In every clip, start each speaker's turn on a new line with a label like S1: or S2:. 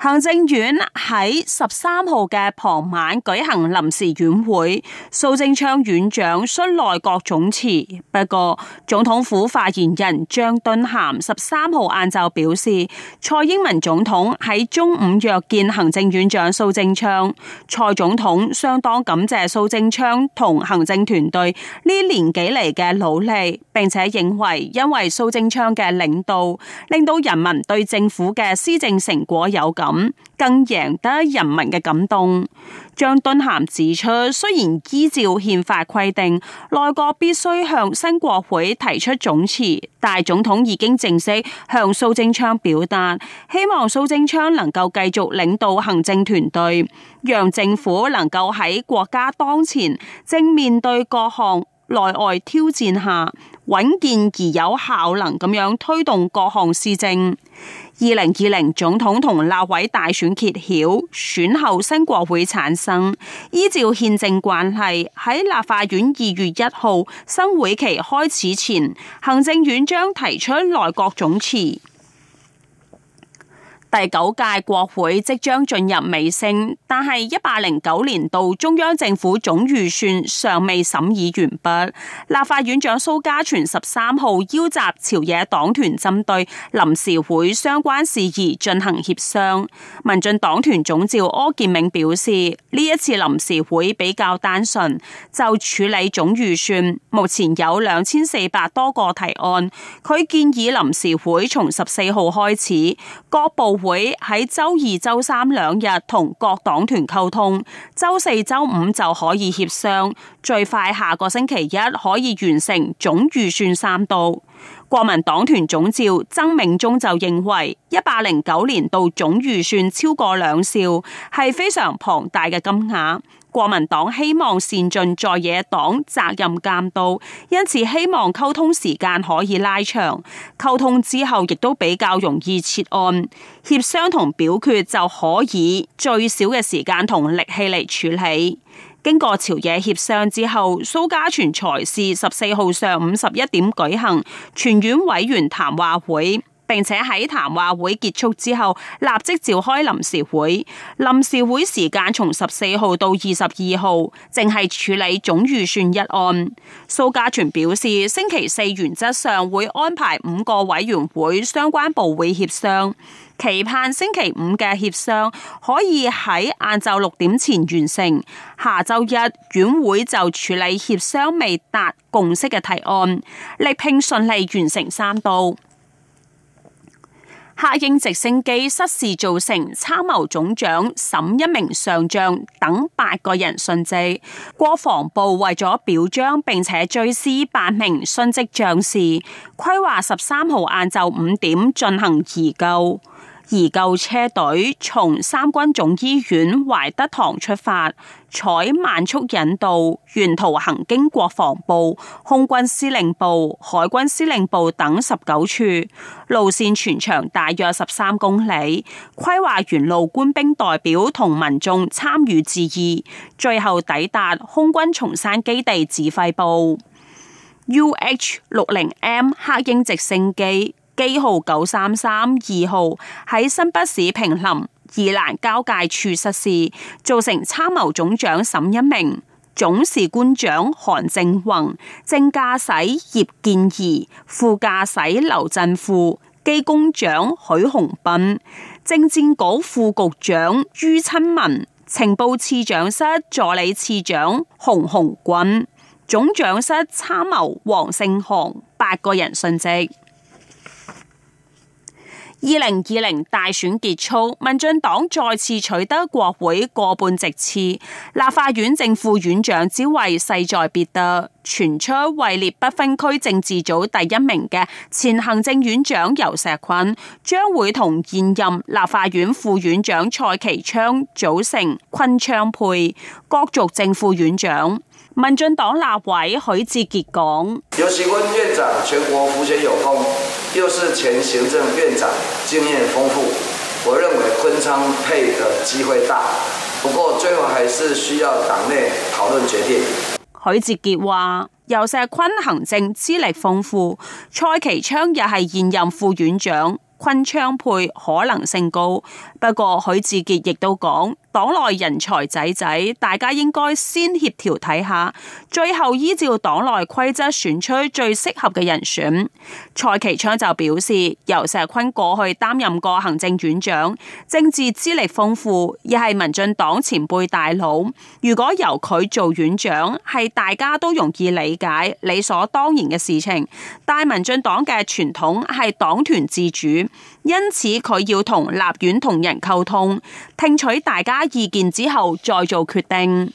S1: 行政院喺十三號嘅傍晚舉行臨時院會，蘇貞昌院長率內閣總辭。不過，總統府發言人張敦涵十三號晏晝表示，蔡英文總統喺中午約見行政院長蘇貞昌，蔡總統相當感謝蘇貞昌同行政團隊呢幾年嚟嘅努力，並且認為因為蘇貞昌嘅領導,令到人民對政府嘅施政成果有感。更贏得人民嘅感動。張敦涵指出，雖然依照憲法規定，內閣必須向新國會提出總辭，但總統已經正式向蘇貞昌表達，希望蘇貞昌能夠繼續領導行政團隊，讓政府能夠喺國家當前正面對各項內外挑戰下，穩健而有效能咁樣推動各項施政。二零二零總統同立委大選揭曉，選後新國會產生。依照憲政慣例，喺立法院二月一號新會期開始前，行政院將提出內閣總辭。第九屆國會即將進入尾聲，但係一百零九年度中央政府總預算尚未審議完畢。立法院長蘇嘉全十三號邀集朝野黨團針對臨時會相關事宜進行協商。民進黨團總召柯建銘表示，呢一次臨時會比較單純，就處理總預算。目前有兩千四百多個提案，佢建議臨時會從十四號開始各部。會喺周二、周三兩日同各黨團溝通，周四、周五就可以協商，最快下個星期一可以完成總預算三讀。國民黨團總召曾銘宗就認為，一百零九年度總預算超過兩兆，係非常龐大嘅金額。國民黨希望善盡在野黨責任監督，因此希望溝通時間可以拉長，溝通之後亦都比較容易撤案，協商同表決就可以最少嘅時間同力氣嚟處理。經過朝野協商之後，蘇嘉全裁示十四號上午十一點舉行全院委員談話會。並且喺談話會結束之後，立即召開臨時會。臨時會時間從十四號到二十二號，淨係處理總預算一案。蘇嘉全表示，星期四原則上會安排五個委員會相關部會協商，期盼星期五嘅協商可以喺晏晝六點前完成。下周一院會就處理協商未達共識嘅提案，力拼順利完成三讀。黑鷹直升機失事造成參謀總長、沈一鳴上將等八個人殉職，國防部為咗表彰，並且追思八名殉職將士，規劃十三號晏晝五點進行移柩。移柩車隊從三軍總醫院懷德堂出發，採慢速引導，沿途行經國防部、空軍司令部、海軍司令部等十九處，路線全長大約十三公里。規劃沿路官兵代表同民眾參與致意，最後抵達空軍松山基地指揮部 （UH 六零 M 黑鷹直升機）。機號九三三二號喺新北市平林宜蘭交界處失事，造成參謀總長沈一鳴、總事官長韓正宏、正駕駛葉建儀、副駕駛劉振富、機工長許鴻彬、政戰局副局長于親文、情報次長室助理次長洪鴻鈞、總長室參謀黃聖航，八個人殉職。二零二零大選結束，民進黨再次取得國會過半席次。立法院正副院長職位勢在必得，傳出位列不分區政治組第一名嘅前行政院長游錫堃將會同現任立法院副院長蔡其昌組成堃昌配。角逐正副院長，民進黨立委許志傑講：有事問院長，全國福姐有空。就是前行政院長經驗豐富，我認為堃昌配的機會大，不過最後還是需要黨內討論決定。許智傑話：游錫堃行政資歷豐富，蔡其昌也係現任副院長。堃昌配可能性高，不過許智傑亦都講黨內人才仔仔，大家應該先協調睇下，最後依照黨內規則選出最適合嘅人選。蔡其昌就表示，游錫堃過去擔任過行政院長，政治資歷豐富，亦係民進黨前輩大佬。如果由佢做院長，係大家都容易理解、理所當然嘅事情。但民進黨嘅傳統係黨團自主。因此佢要同立院同仁溝通，聽取大家意見之後再做決定。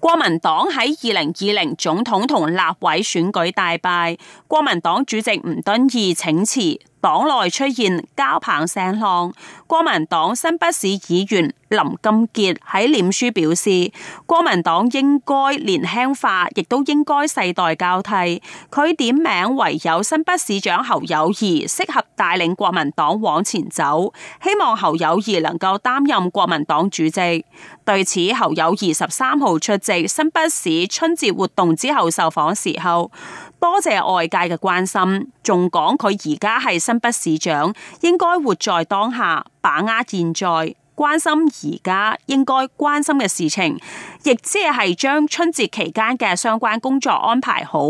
S1: 國民黨喺二零二零總統同立委選舉大敗，國民黨主席吳敦義請辭。黨內出現交棒聲浪，國民黨新北市議員林金杰喺臉書表示，國民黨應該年輕化，亦都應該世代交替。佢點名唯有新北市長侯友宜適合帶領國民黨往前走，希望侯友宜能夠擔任國民黨主席。對此，侯友宜十三號出席新北市春節活動之後受訪時候。多謝外界嘅關心，仲講佢而家係新北市長，應該活在當下，把握現在，關心而家應該關心嘅事情，亦即係將春節期間嘅相關工作安排好。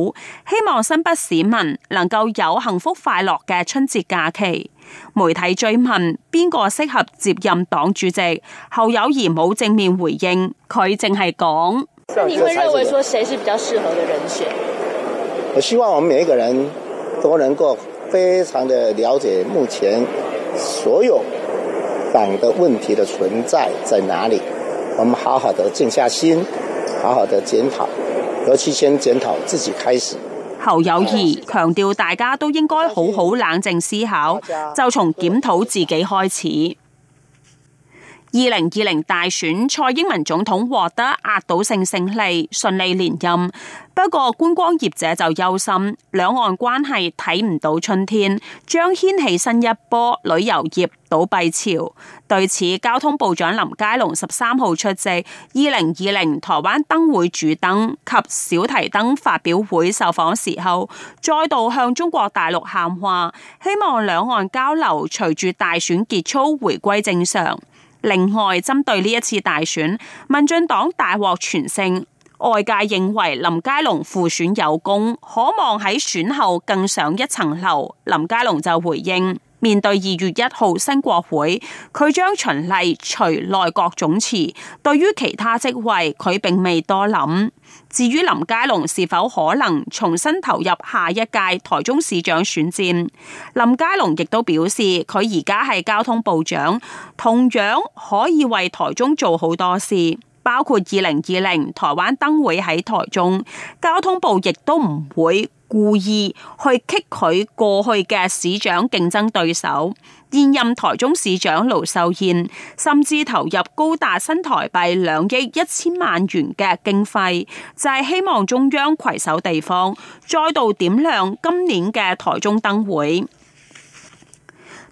S1: 希望新北市民能夠有幸福快樂嘅春節假期。媒體追問邊個適合接任黨主席，侯友宜冇正面回應，佢淨係講你會認為說誰是比較適合嘅人選？我希望我們每一個人都能夠非常的了解目前所有黨的問題的存在在哪裡，我們好好的靜下心，好好的檢討，尤其先檢討自己開始。侯友宜強調，大家都應該好好冷靜思考，就從檢討自己開始。二零二零大選，蔡英文總統獲得壓倒性勝利，順利連任。不過，觀光業者就憂心，兩岸關係睇唔到春天，將掀起新一波旅遊業倒閉潮。對此，交通部長林佳龍十三號出席二零二零台灣燈會主燈及小提燈發表會受訪時候，再度向中國大陸喊話，希望兩岸交流隨住大選結束，回歸正常。另外，針對呢一次大選，民進黨大獲全勝，外界認為林佳龍輔選有功，可望喺選後更上一層樓。林佳龍就回應。面對二月一號新國會，佢將循例隨內閣總辭，對於其他職位佢並未多諗。至於林佳龍是否可能重新投入下一屆台中市長選戰，林佳龍亦都表示佢而家係交通部長，同樣可以為台中做好多事。包括二零二零台灣燈會喺台中，交通部亦都唔會故意去激佢過去嘅市長競爭對手。現任台中市長盧秀燕，甚至投入高達新台幣兩億一千萬元嘅經費，就係、是、希望中央攜手地方，再度點亮今年嘅台中燈會。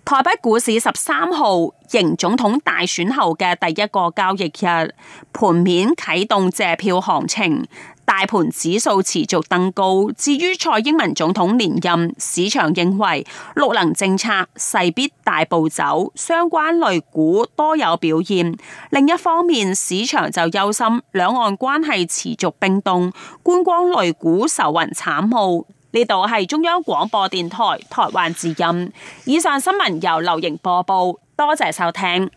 S1: 台北股市十三號迎總統大選後嘅第一個交易日，盤面啟動謝票行情，大盤指數持續登高。至於蔡英文總統連任，市場認為綠能政策勢必大步走，相關類股多有表現。另一方面，市場就憂心兩岸關係持續冰凍，觀光類股愁雲慘霧。呢度係中央廣播電台台灣之音。以上新聞由劉瑩播報，多謝收聽。